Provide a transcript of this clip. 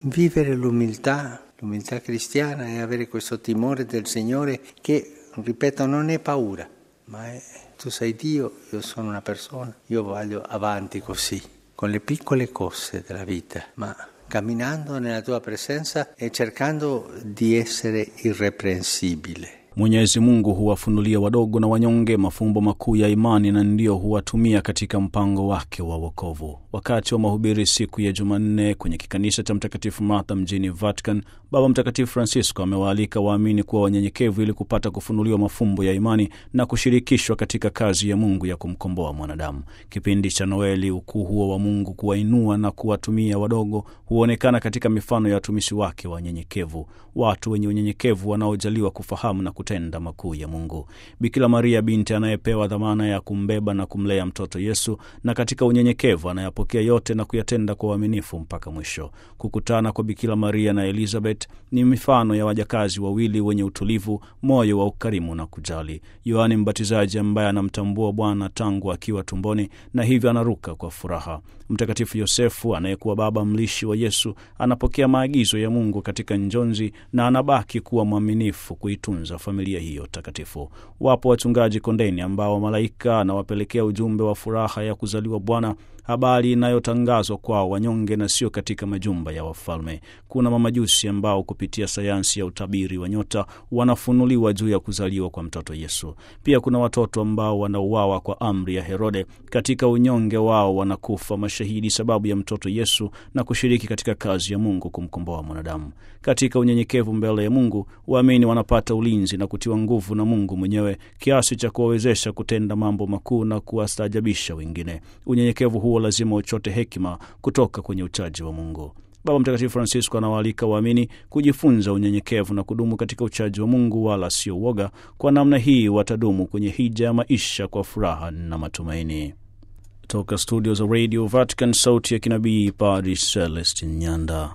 Vivere l'umiltà, l'umiltà cristiana è avere questo timore del Signore che, ripeto, non è paura, ma è, tu sei Dio, io sono una persona, io voglio avanti così, con le piccole cose della vita, ma camminando nella tua presenza e cercando di essere irreprensibile. Mwenyezi Mungu huwafunulia wadogo na wanyonge mafumbo makuu ya imani na ndiyo huwatumia katika mpango wake wa wokovu. Wakati wa mahubiri siku ya Jumanne kwenye kikanisa cha Mtakatifu Martha mjini Vatican, Baba Mtakatifu Francisco amewaalika waamini kuwa wanyenyekevu ili kupata kufunuliwa mafumbo ya imani na kushirikishwa katika kazi ya Mungu ya kumkomboa mwanadamu. Kipindi cha Noeli, ukuu huo wa Mungu kuwainua na kuwatumia wadogo huonekana katika mifano ya watumishi wake wanyenyekevu. Watu wenye unyenyekevu wanaojaliwa kufahamu na kutenda makuu ya Mungu. Bikira Maria binti anayepewa dhamana ya kumbeba na kumlea mtoto Yesu, na katika unyenyekevu anayapokea yote na kuyatenda kwa uaminifu mpaka mwisho. Kukutana kwa Bikira Maria na Elizabeth ni mifano ya wajakazi wawili wenye utulivu, moyo wa ukarimu na kujali. Yohane Mbatizaji ambaye anamtambua Bwana tangu akiwa tumboni na hivyo anaruka kwa furaha. Mtakatifu Yosefu anayekuwa baba mlishi wa Yesu anapokea maagizo ya Mungu katika njonzi na anabaki kuwa mwaminifu kuitunza familia familia hiyo takatifu. Wapo wachungaji kondeni ambao malaika anawapelekea ujumbe wa furaha ya kuzaliwa Bwana, habari inayotangazwa kwao wanyonge na sio katika majumba ya wafalme. Kuna mamajusi ambao kupitia sayansi ya utabiri wa nyota wanafunuliwa juu ya kuzaliwa kwa mtoto Yesu. Pia kuna watoto ambao wanauawa kwa amri ya Herode, katika unyonge wao wanakufa mashahidi sababu ya mtoto Yesu na kushiriki katika kazi ya Mungu kumkomboa mwanadamu. Katika unyenyekevu mbele ya Mungu, waamini wanapata ulinzi na na kutiwa nguvu na Mungu mwenyewe kiasi cha kuwawezesha kutenda mambo makuu na kuwastaajabisha wengine. Unyenyekevu huo lazima uchote hekima kutoka kwenye uchaji wa Mungu. Baba Mtakatifu Francisco anawaalika waamini kujifunza unyenyekevu na kudumu katika uchaji wa Mungu, wala sio uoga. Kwa namna hii watadumu kwenye hija ya maisha kwa furaha na matumaini. Toka studio za Radio Vatican, sauti ya kinabii, paris Celestin Nyanda.